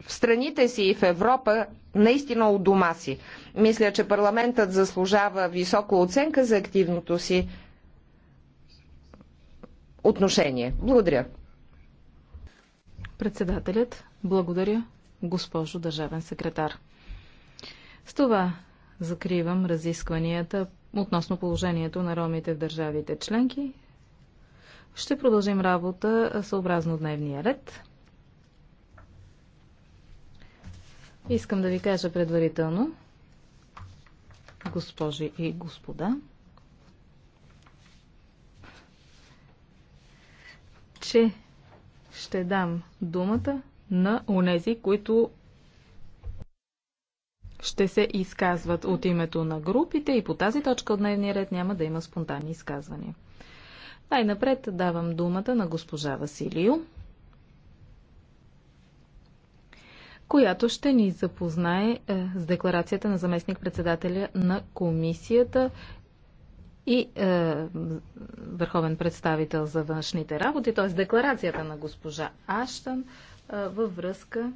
в страните си и в Европа наистина у дома си. Мисля, че парламентът заслужава висока оценка за активното си отношение. Благодаря. Председателят, благодаря, госпожо държавен секретар. С това закривам разискванията относно положението на ромите в държавите членки. Ще продължим работа съобразно дневния ред. Искам да ви кажа предварително, госпожи и господа, че ще дам думата на унези, които ще се изказват от името на групите и по тази точка от дневния ред няма да има спонтанни изказвания. Най-напред давам думата на госпожа Василио. която ще ни запознае е, с декларацията на заместник-председателя на комисията и е, върховен представител за външните работи, т.е. декларацията на госпожа Аштън е, във връзка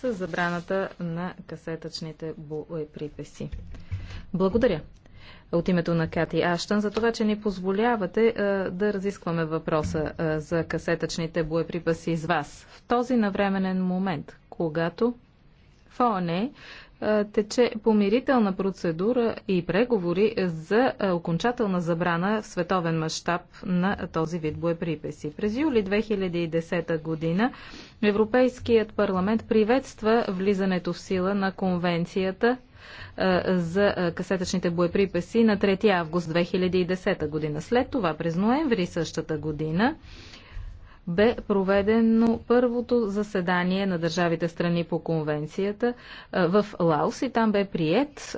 с забраната на касетъчните боеприпаси. Благодаря от името на Кати Аштън за това, че ни позволявате да разискваме въпроса за касетъчните боеприпаси с вас в този навременен момент, когато в ОНЕ тече помирителна процедура и преговори за окончателна забрана в световен мащаб на този вид боеприпаси. През юли 2010 година Европейският парламент приветства влизането в сила на конвенцията за касетъчните боеприпаси на 3 август 2010 година. След това през ноември същата година бе проведено първото заседание на държавите страни по конвенцията в Лаос и там бе прият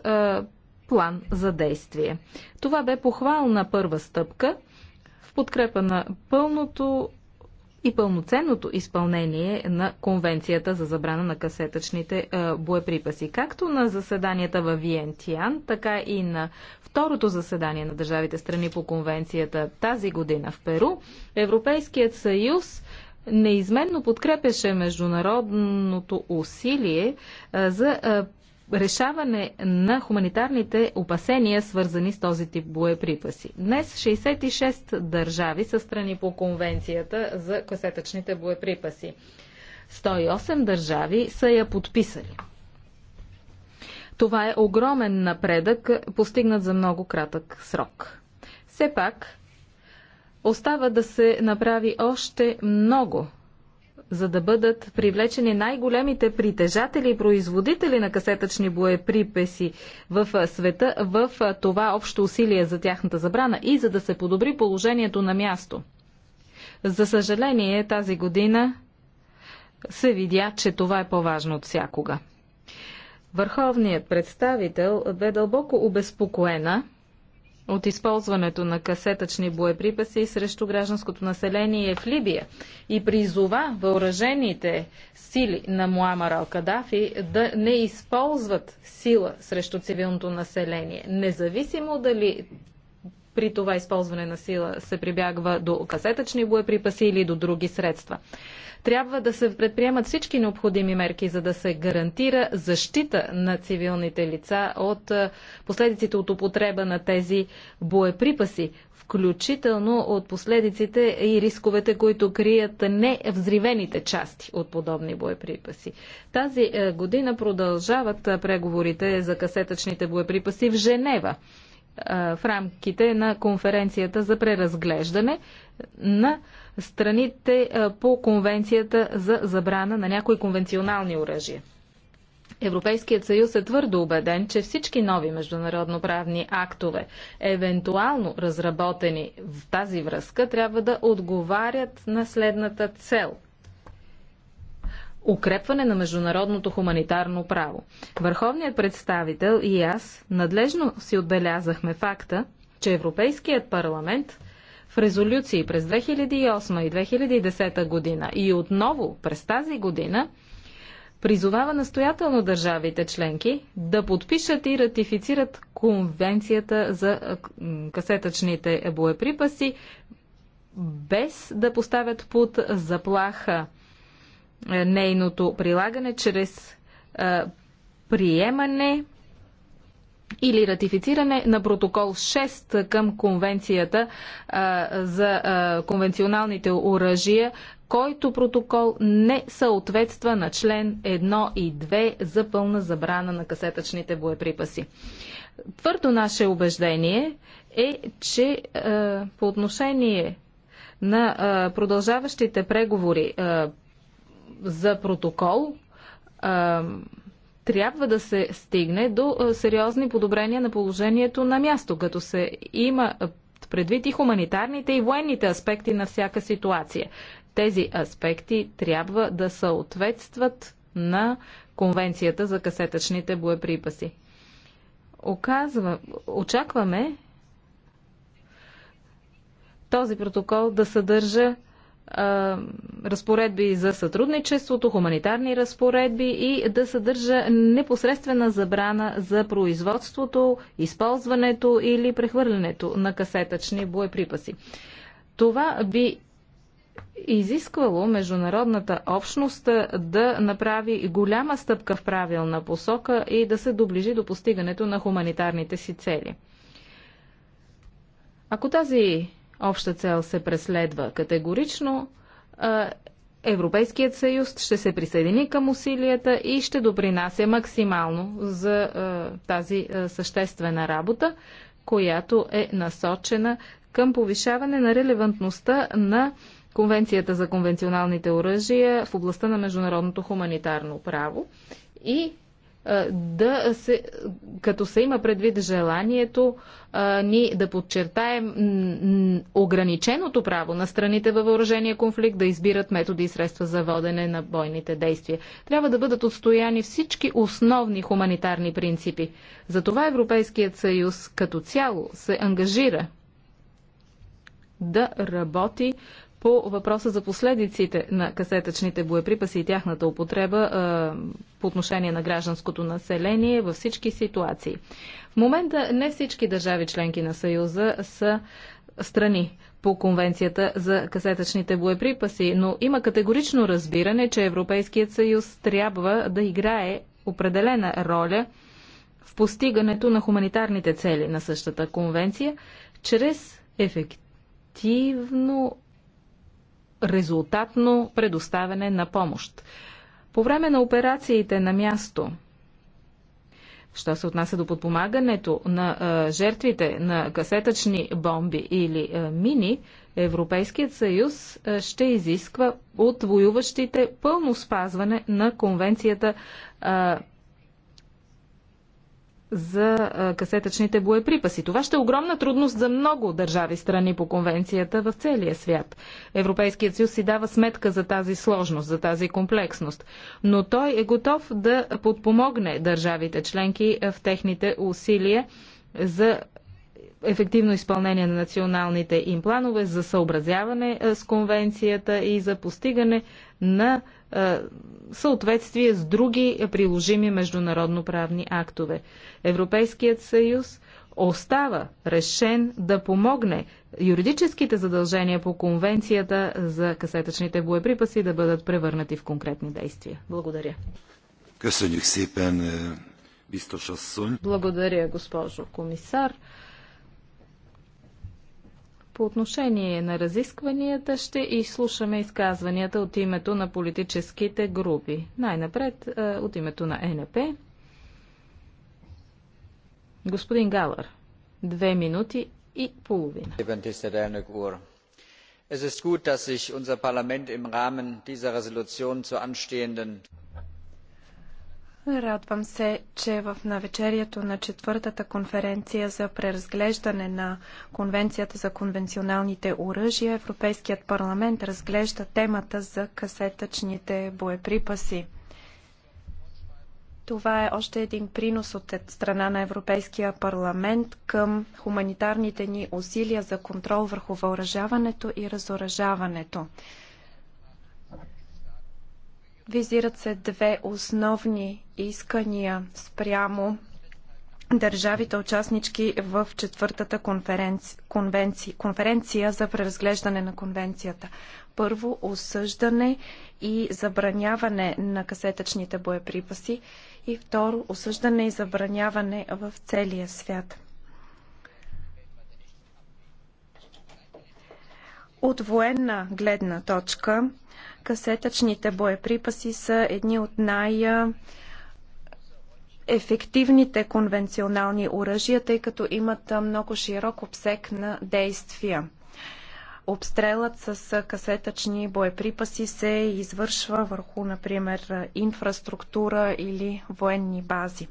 план за действие. Това бе похвална първа стъпка в подкрепа на пълното и пълноценното изпълнение на Конвенцията за забрана на касетъчните е, боеприпаси. Както на заседанията в Виентиан, така и на второто заседание на държавите страни по Конвенцията тази година в Перу, Европейският съюз неизменно подкрепяше международното усилие е, за е, решаване на хуманитарните опасения, свързани с този тип боеприпаси. Днес 66 държави са страни по конвенцията за касетъчните боеприпаси. 108 държави са я подписали. Това е огромен напредък, постигнат за много кратък срок. Все пак, остава да се направи още много за да бъдат привлечени най-големите притежатели и производители на касетъчни боеприпеси в света в това общо усилие за тяхната забрана и за да се подобри положението на място. За съжаление, тази година се видя, че това е по-важно от всякога. Върховният представител бе дълбоко обезпокоена от използването на касетъчни боеприпаси срещу гражданското население в Либия и призова въоръжените сили на Муамар Ал-Кадафи да не използват сила срещу цивилното население, независимо дали при това използване на сила се прибягва до касетъчни боеприпаси или до други средства. Трябва да се предприемат всички необходими мерки, за да се гарантира защита на цивилните лица от последиците от употреба на тези боеприпаси, включително от последиците и рисковете, които крият невзривените части от подобни боеприпаси. Тази година продължават преговорите за касетъчните боеприпаси в Женева в рамките на конференцията за преразглеждане на страните по конвенцията за забрана на някои конвенционални оръжия. Европейският съюз е твърдо убеден, че всички нови международноправни актове, евентуално разработени в тази връзка, трябва да отговарят на следната цел – укрепване на международното хуманитарно право. Върховният представител и аз надлежно си отбелязахме факта, че Европейският парламент в резолюции през 2008 и 2010 година и отново през тази година призовава настоятелно държавите членки да подпишат и ратифицират конвенцията за касетъчните боеприпаси без да поставят под заплаха е, нейното прилагане чрез е, приемане или ратифициране на протокол 6 към конвенцията а, е, за а, конвенционалните оръжия, който протокол не съответства на член 1 и 2 за пълна забрана на касетъчните боеприпаси. Твърдо наше убеждение е, че а, по отношение на продължаващите преговори за протокол трябва да се стигне до сериозни подобрения на положението на място, като се има предвид и хуманитарните и военните аспекти на всяка ситуация. Тези аспекти трябва да съответстват на Конвенцията за касетъчните боеприпаси. Оказва, очакваме този протокол да съдържа разпоредби за сътрудничеството, хуманитарни разпоредби и да съдържа непосредствена забрана за производството, използването или прехвърлянето на касетъчни боеприпаси. Това би изисквало международната общност да направи голяма стъпка в правилна посока и да се доближи до постигането на хуманитарните си цели. Ако тази обща цел се преследва категорично, Европейският съюз ще се присъедини към усилията и ще допринася максимално за тази съществена работа, която е насочена към повишаване на релевантността на Конвенцията за конвенционалните оръжия в областта на международното хуманитарно право и да се, като се има предвид желанието а, ни да подчертаем ограниченото право на страните във въоръжения конфликт да избират методи и средства за водене на бойните действия. Трябва да бъдат отстояни всички основни хуманитарни принципи. Затова Европейският съюз като цяло се ангажира да работи по въпроса за последиците на касетъчните боеприпаси и тяхната употреба по отношение на гражданското население във всички ситуации. В момента не всички държави членки на Съюза са страни по конвенцията за касетъчните боеприпаси, но има категорично разбиране, че Европейският съюз трябва да играе определена роля в постигането на хуманитарните цели на същата конвенция чрез ефективно резултатно предоставяне на помощ. По време на операциите на място, що се отнася до подпомагането на а, жертвите на касетъчни бомби или а, мини, Европейският съюз а, ще изисква от воюващите пълно спазване на конвенцията за касетъчните боеприпаси. Това ще е огромна трудност за много държави страни по конвенцията в целия свят. Европейският съюз си дава сметка за тази сложност, за тази комплексност, но той е готов да подпомогне държавите членки в техните усилия за ефективно изпълнение на националните им планове за съобразяване с конвенцията и за постигане на е, съответствие с други приложими международно-правни актове. Европейският съюз остава решен да помогне юридическите задължения по конвенцията за касетъчните боеприпаси да бъдат превърнати в конкретни действия. Благодаря. Е, Благодаря, госпожо комисар. По отношение на разискванията ще изслушаме изказванията от името на политическите групи. Най-напред е, от името на НП. Господин Галър, две минути и половина. Es ist gut, dass sich unser Parlament im Rahmen dieser Resolution zur anstehenden Радвам се, че в навечерието на четвъртата конференция за преразглеждане на Конвенцията за конвенционалните оръжия Европейският парламент разглежда темата за касетъчните боеприпаси. Това е още един принос от страна на Европейския парламент към хуманитарните ни усилия за контрол върху въоръжаването и разоръжаването. Визират се две основни искания спрямо държавите участнички в четвъртата конференци... конвенци... конференция за преразглеждане на конвенцията. Първо, осъждане и забраняване на касетъчните боеприпаси и второ, осъждане и забраняване в целия свят. От военна гледна точка, касетъчните боеприпаси са едни от най- ефективните конвенционални оръжия, тъй като имат много широк обсек на действия. Обстрелът с касетъчни боеприпаси се извършва върху, например, инфраструктура или военни бази.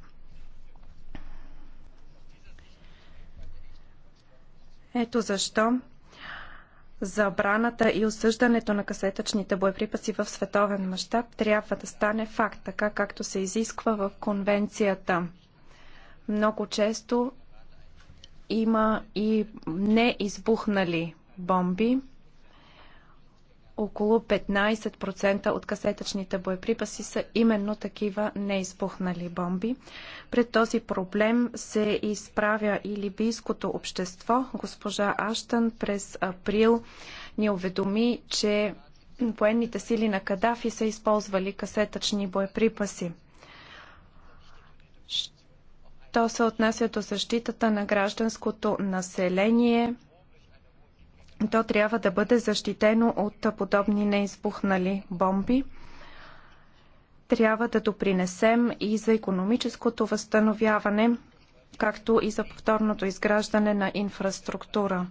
Ето защо забраната и осъждането на касетъчните боеприпаси в световен мащаб трябва да стане факт, така както се изисква в конвенцията. Много често има и неизбухнали бомби около 15% от касетъчните боеприпаси са именно такива неизбухнали бомби. Пред този проблем се изправя и либийското общество. Госпожа Аштън през април ни уведоми, че военните сили на Кадафи са използвали касетъчни боеприпаси. то се отнася до защитата на гражданското население – то трябва да бъде защитено от подобни неизбухнали бомби. Трябва да допринесем и за економическото възстановяване, както и за повторното изграждане на инфраструктура.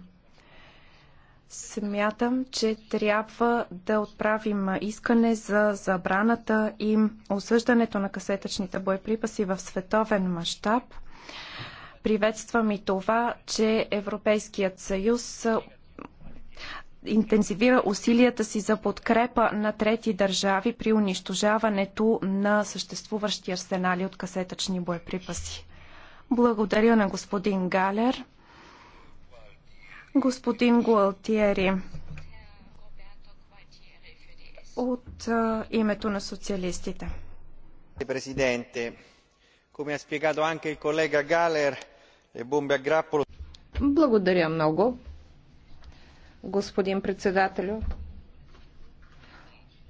Смятам, че трябва да отправим искане за забраната и осъждането на касетъчните боеприпаси в световен мащаб. Приветствам и това, че Европейският съюз интензивира усилията си за подкрепа на трети държави при унищожаването на съществуващи арсенали от касетъчни боеприпаси. Благодаря на господин Галер. Господин Гуалтиери, от а, името на социалистите. Президенте, come ha spiegato anche il collega Galer, le bombe a grappolo... Благодаря много господин председателю.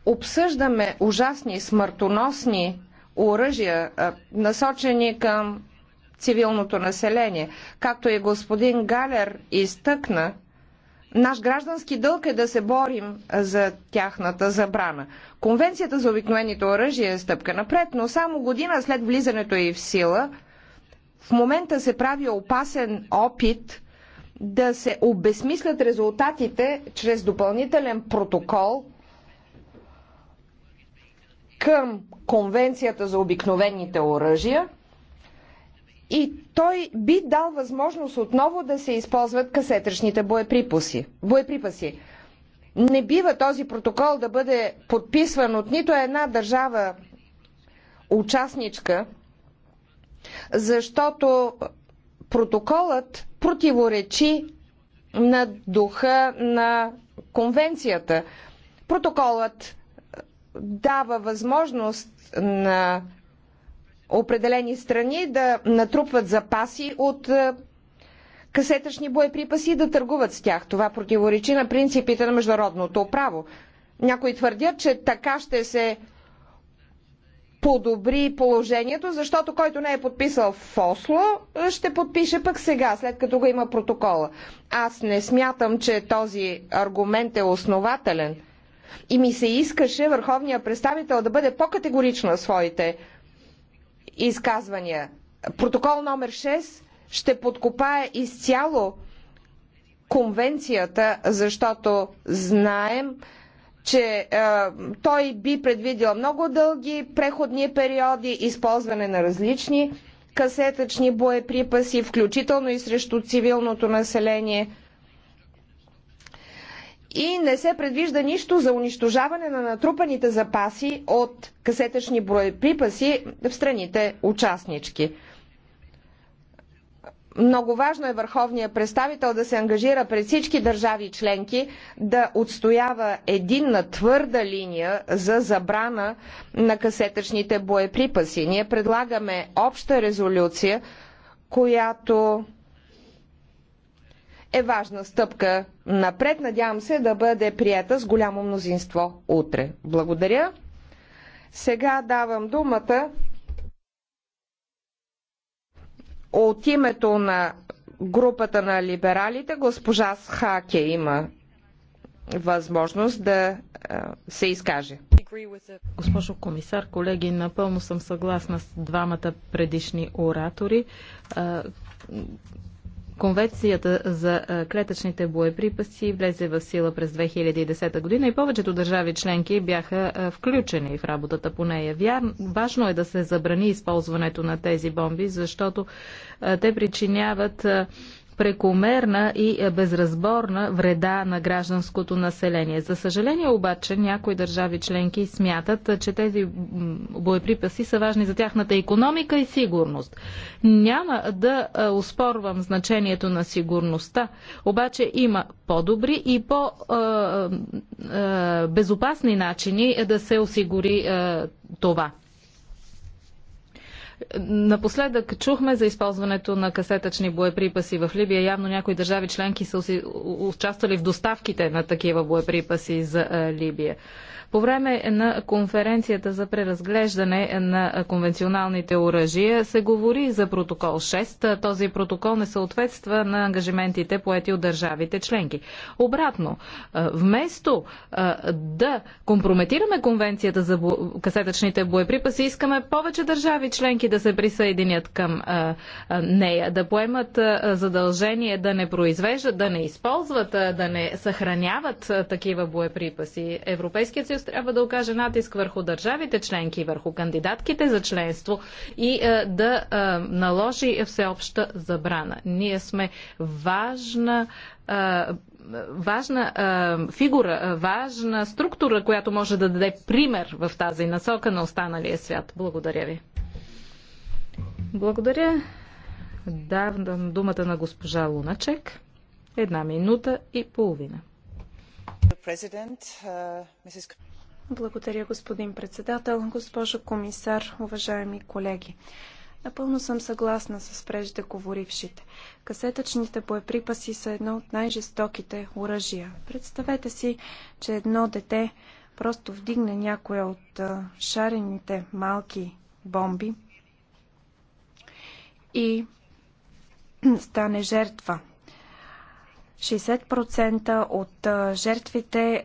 Обсъждаме ужасни, смъртоносни оръжия, насочени към цивилното население. Както и господин Галер изтъкна, наш граждански дълг е да се борим за тяхната забрана. Конвенцията за обикновените оръжия е стъпка напред, но само година след влизането и в сила, в момента се прави опасен опит да се обесмислят резултатите чрез допълнителен протокол към Конвенцията за обикновените оръжия и той би дал възможност отново да се използват касетъчните боеприпаси. боеприпаси. Не бива този протокол да бъде подписван от нито една държава участничка, защото Протоколът противоречи на духа на конвенцията. Протоколът дава възможност на определени страни да натрупват запаси от е, касетъчни боеприпаси и да търгуват с тях. Това противоречи на принципите на международното право. Някои твърдят, че така ще се подобри положението, защото който не е подписал в Осло, ще подпише пък сега, след като го има протокола. Аз не смятам, че този аргумент е основателен. И ми се искаше върховния представител да бъде по-категорична своите изказвания. Протокол номер 6 ще подкопае изцяло конвенцията, защото знаем, че е, той би предвидил много дълги преходни периоди, използване на различни касетъчни боеприпаси, включително и срещу цивилното население. И не се предвижда нищо за унищожаване на натрупаните запаси от касетъчни боеприпаси в страните участнички. Много важно е върховният представител да се ангажира пред всички държави членки да отстоява единна твърда линия за забрана на касетъчните боеприпаси. Ние предлагаме обща резолюция, която е важна стъпка напред. Надявам се да бъде прията с голямо мнозинство утре. Благодаря. Сега давам думата от името на групата на либералите госпожа Схаке има възможност да е, се изкаже. Госпожо комисар, колеги, напълно съм съгласна с двамата предишни оратори е, Конвенцията за клетъчните боеприпаси влезе в сила през 2010 година и повечето държави членки бяха включени в работата по нея. Вярно Важно е да се забрани използването на тези бомби, защото те причиняват прекомерна и безразборна вреда на гражданското население. За съжаление обаче някои държави членки смятат, че тези боеприпаси са важни за тяхната економика и сигурност. Няма да успорвам значението на сигурността, обаче има по-добри и по-безопасни начини да се осигури това. Напоследък чухме за използването на касетъчни боеприпаси в Либия. Явно някои държави членки са участвали в доставките на такива боеприпаси за е, Либия. По време на конференцията за преразглеждане на конвенционалните оръжия се говори за протокол 6. Този протокол не съответства на ангажиментите поети от държавите членки. Обратно, вместо да компрометираме конвенцията за касетъчните боеприпаси, искаме повече държави членки да се присъединят към нея, да поемат задължение да не произвеждат, да не използват, да не съхраняват такива боеприпаси. Европейският съюз съюз трябва да окаже натиск върху държавите членки, върху кандидатките за членство и е, да е, наложи всеобща забрана. Ние сме важна е, важна а, фигура, важна структура, която може да даде пример в тази насока на останалия свят. Благодаря ви. Благодаря. Давам думата на госпожа Луначек. Една минута и половина. Президент, uh, благодаря, господин председател, госпожо комисар, уважаеми колеги. Напълно съм съгласна с преждеговорившите. Касетъчните боеприпаси са едно от най-жестоките оръжия. Представете си, че едно дете просто вдигне някоя от шарените малки бомби и стане жертва. 60% от жертвите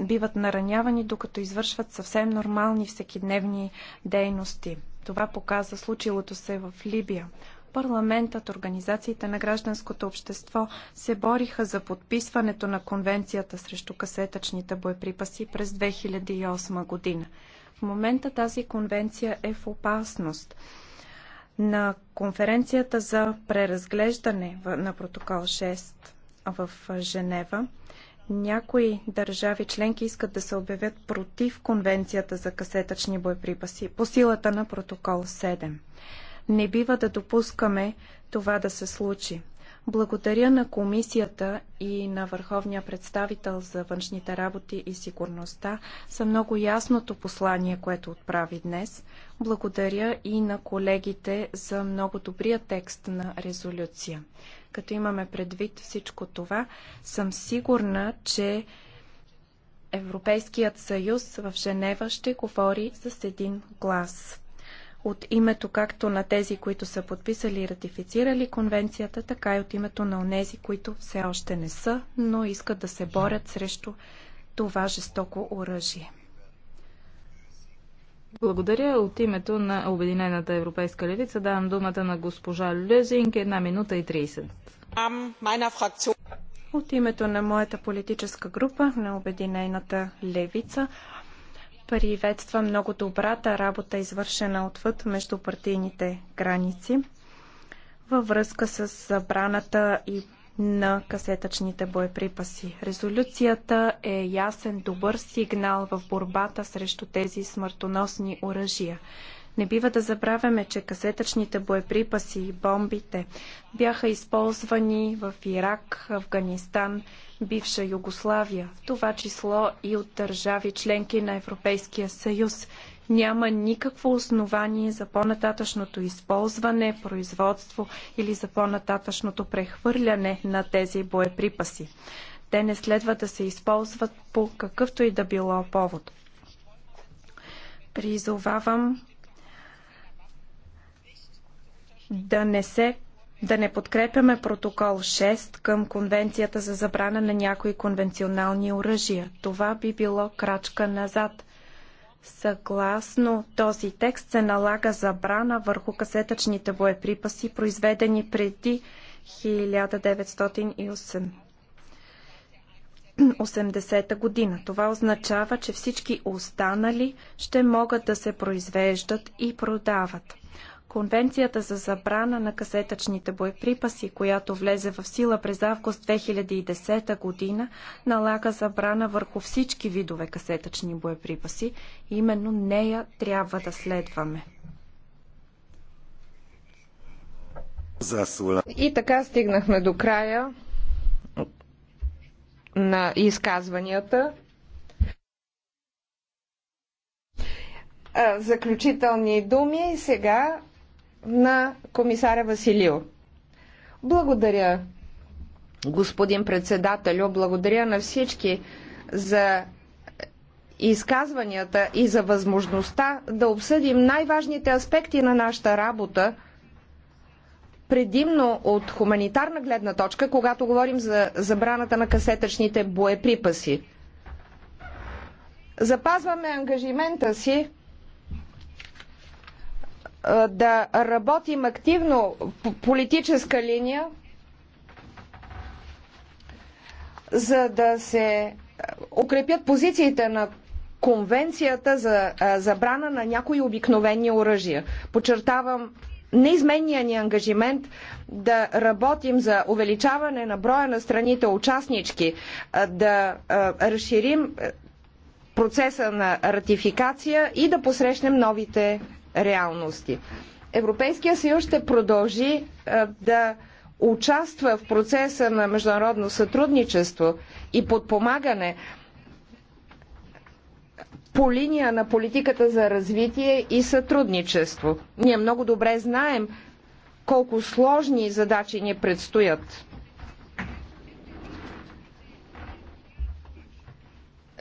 биват наранявани, докато извършват съвсем нормални всекидневни дейности. Това показа случилото се в Либия. Парламентът, организациите на гражданското общество се бориха за подписването на конвенцията срещу касетъчните боеприпаси през 2008 година. В момента тази конвенция е в опасност. На конференцията за преразглеждане на протокол 6 в Женева някои държави членки искат да се обявят против конвенцията за касетъчни боеприпаси по силата на протокол 7. Не бива да допускаме това да се случи. Благодаря на комисията и на върховния представител за външните работи и сигурността за много ясното послание, което отправи днес. Благодаря и на колегите за много добрия текст на резолюция. Като имаме предвид всичко това, съм сигурна, че Европейският съюз в Женева ще говори с един глас. От името както на тези, които са подписали и ратифицирали конвенцията, така и от името на онези, които все още не са, но искат да се борят срещу това жестоко оръжие. Благодаря. От името на Обединената европейска левица давам думата на госпожа Лезинг. Една минута и 30. От името на моята политическа група, на Обединената левица, приветства много добрата работа, извършена отвъд между партийните граници във връзка с забраната и на касетъчните боеприпаси. Резолюцията е ясен, добър сигнал в борбата срещу тези смъртоносни оръжия. Не бива да забравяме, че касетъчните боеприпаси и бомбите бяха използвани в Ирак, Афганистан, бивша Югославия, в това число и от държави членки на Европейския съюз няма никакво основание за по-нататъчното използване, производство или за по-нататъчното прехвърляне на тези боеприпаси. Те не следва да се използват по какъвто и да било повод. Призовавам да не се да не подкрепяме протокол 6 към Конвенцията за забрана на някои конвенционални оръжия. Това би било крачка назад. Съгласно този текст се налага забрана върху касетъчните боеприпаси, произведени преди 1980 година. Това означава, че всички останали ще могат да се произвеждат и продават. Конвенцията за забрана на касетъчните боеприпаси, която влезе в сила през август 2010 година, налага забрана върху всички видове касетъчни боеприпаси. Именно нея трябва да следваме. И така стигнахме до края на изказванията. Заключителни думи сега на комисаря Василио. Благодаря, господин председателю, благодаря на всички за изказванията и за възможността да обсъдим най-важните аспекти на нашата работа, предимно от хуманитарна гледна точка, когато говорим за забраната на касетъчните боеприпаси. Запазваме ангажимента си да работим активно по политическа линия, за да се укрепят позициите на Конвенцията за забрана на някои обикновени оръжия. Подчертавам неизменния ни ангажимент да работим за увеличаване на броя на страните участнички, да разширим процеса на ратификация и да посрещнем новите реалности. Европейския съюз ще продължи е, да участва в процеса на международно сътрудничество и подпомагане по линия на политиката за развитие и сътрудничество. Ние много добре знаем колко сложни задачи ни предстоят.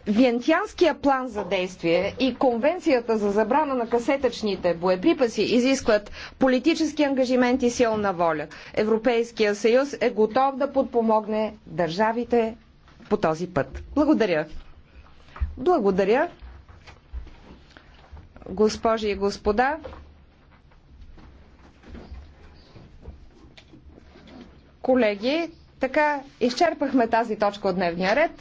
Виентянския план за действие и Конвенцията за забрана на касетъчните боеприпаси изискват политически ангажимент и силна воля. Европейския съюз е готов да подпомогне държавите по този път. Благодаря. Благодаря. Госпожи и господа, колеги, така изчерпахме тази точка от дневния ред.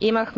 имахме